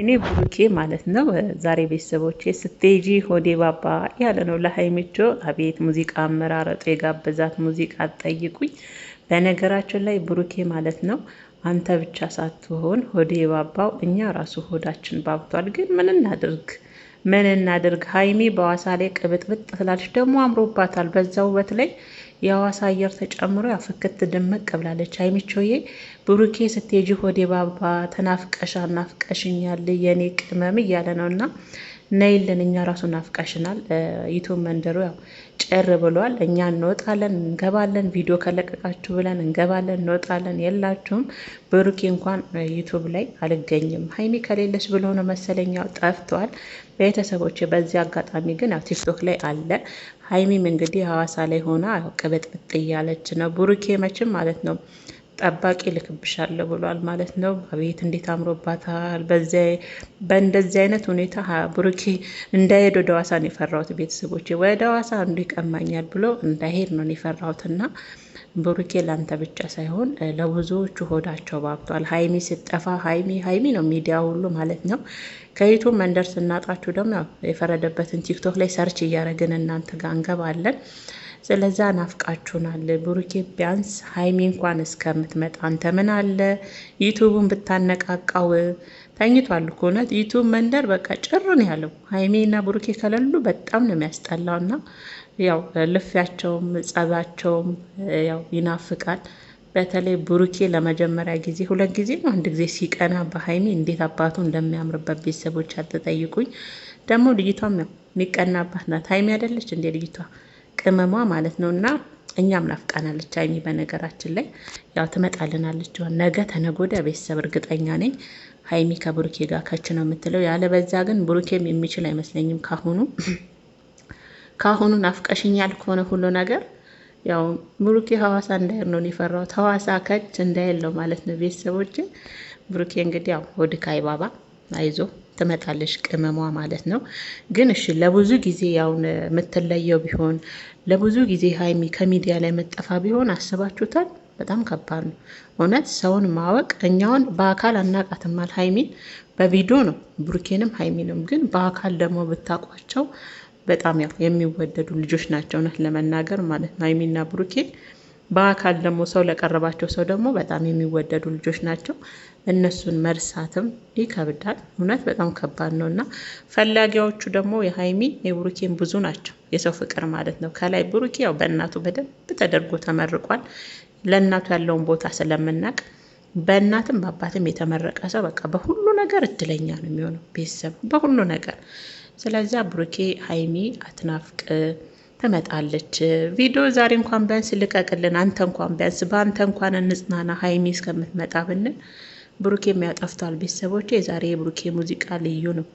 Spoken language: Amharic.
እኔ ብሩኬ ማለት ነው ዛሬ ቤተሰቦቼ ስቴጂ ሆዴ ባባ ያለ ነው ለሀይሚቾ። አቤት ሙዚቃ አመራረጡ የጋበዛት ሙዚቃ ጠይቁኝ። በነገራችን ላይ ብሩኬ ማለት ነው አንተ ብቻ ሳትሆን ሆዴ ባባው እኛ ራሱ ሆዳችን ባብቷል። ግን ምን እናድርግ ምን እናድርግ? ሀይሚ በዋሳ ላይ ቅብጥብጥ ስላለች ደግሞ አምሮባታል በዛ ውበት ላይ የአዋሳ አየር ተጨምሮ ያው ፍክት ድምቅ ብላለች። ሀይሚቾዬ ብሩኬ ስትሄጂ ሆዴ ባባ ተናፍቀሻ ናፍቀሽኛል የኔ ቅመም እያለ ነው እና ነይልን እኛ ራሱ ናፍቀሽናል። ዩቱብ መንደሩ ያው ጭር ብሏል። እኛ እንወጣለን እንገባለን፣ ቪዲዮ ከለቀቃችሁ ብለን እንገባለን እንወጣለን። የላችሁም። ብሩኪ እንኳን ዩቱብ ላይ አልገኝም ሀይሚ ከሌለች ብሎ ነው መሰለኛው ጠፍቷል። ቤተሰቦች በዚህ አጋጣሚ ግን ያው ቲክቶክ ላይ አለ። ሀይሚም እንግዲህ ሀዋሳ ላይ ሆና ቅበጥብጥ ቅብጥብጥ እያለች ነው። ብሩኬ መችም ማለት ነው ጠባቂ ልክብሻለሁ ብሏል ማለት ነው። አቤት እንዴት አምሮባታል! በእንደዚህ አይነት ሁኔታ ብሩኬ እንዳይሄድ ወደ ዋሳ ነው የፈራሁት። ቤተሰቦች ወደ ዋሳ እንዱ ይቀማኛል ብሎ እንዳይሄድ ነው የፈራሁትና ብሩኬ ለአንተ ብቻ ሳይሆን ለብዙዎቹ ሆዳቸው ባብቷል። ሀይሚ ስጠፋ ሀይሚ ሀይሚ ነው ሚዲያ ሁሉ ማለት ነው። ከይቱ መንደር ስናጣችሁ ደግሞ የፈረደበትን ቲክቶክ ላይ ሰርች እያደረግን እናንተ ጋር እንገባለን። ስለዛ ናፍቃችሁናል። ብሩኬ ቢያንስ ሀይሚ እንኳን እስከምትመጣ አንተ ምን አለ ዩቱቡን ብታነቃቃው። ተኝቷል እኮ እውነት ዩቱብ መንደር በቃ ጭር ነው ያለው። ሀይሜና ብሩኬ ከሌሉ በጣም ነው የሚያስጠላው። እና ያው ልፊያቸውም ጸባቸውም ያው ይናፍቃል። በተለይ ብሩኬ ለመጀመሪያ ጊዜ ሁለት ጊዜ ነው አንድ ጊዜ ሲቀና በሀይሜ እንዴት አባቱ እንደሚያምርበት ቤተሰቦች አትጠይቁኝ። ደግሞ ልጅቷም ያው የሚቀናባት ናት። ሀይሜ አይደለች እንዴ ልጅቷ? ቅመሟ ማለት ነው። እና እኛም ናፍቃናለች ሀይሚ በነገራችን ላይ ያው ትመጣልናለች። ሆን ነገ ተነጎዳ ቤተሰብ እርግጠኛ ነኝ ሀይሚ ከብሩኬ ጋር ከች ነው የምትለው። ያለበዛ ግን ብሩኬም የሚችል አይመስለኝም። ካሁኑ ካሁኑ ናፍቀሽኛል ከሆነ ሁሉ ነገር ያው ብሩኬ ሀዋሳ እንዳይል ነው የፈራሁት። ሀዋሳ ከች እንዳይል ነው ማለት ነው ቤተሰቦች። ብሩኬ እንግዲህ ያው ወድካይ ባባ አይዞ ትመጣለች ቅመሟ ማለት ነው። ግን እሺ ለብዙ ጊዜ ያውን የምትለየው ቢሆን ለብዙ ጊዜ ሀይሚ ከሚዲያ ላይ መጠፋ ቢሆን አስባችሁታል? በጣም ከባድ ነው እውነት። ሰውን ማወቅ እኛውን በአካል አናቃትማል። ሀይሚን በቪዲዮ ነው ብሩኬንም ሀይሚንም ግን በአካል ደግሞ ብታቋቸው በጣም ያው የሚወደዱ ልጆች ናቸው እውነት ለመናገር ማለት ነው ሀይሚና ብሩኬ በአካል ደግሞ ሰው ለቀረባቸው ሰው ደግሞ በጣም የሚወደዱ ልጆች ናቸው። እነሱን መርሳትም ይከብዳል። እውነት በጣም ከባድ ነው እና ፈላጊዎቹ ደግሞ የሀይሚ የብሩኬን ብዙ ናቸው። የሰው ፍቅር ማለት ነው። ከላይ ብሩኬ ያው በእናቱ በደንብ ተደርጎ ተመርቋል። ለእናቱ ያለውን ቦታ ስለምናቅ በእናትም በአባትም የተመረቀ ሰው በቃ በሁሉ ነገር እድለኛ ነው የሚሆነው ቤተሰብ በሁሉ ነገር። ስለዚያ ብሩኬ ሀይሚ አትናፍቅ ትመጣለች። ቪዲዮ ዛሬ እንኳን ቢያንስ ልቀቅልን፣ አንተ እንኳን ቢያንስ በአንተ እንኳን እንጽናና ሀይሚ እስከምትመጣ ብንል ብሩኬም ያጠፍቷል። ቤተሰቦች የዛሬ የብሩኬ ሙዚቃ ልዩ ነው።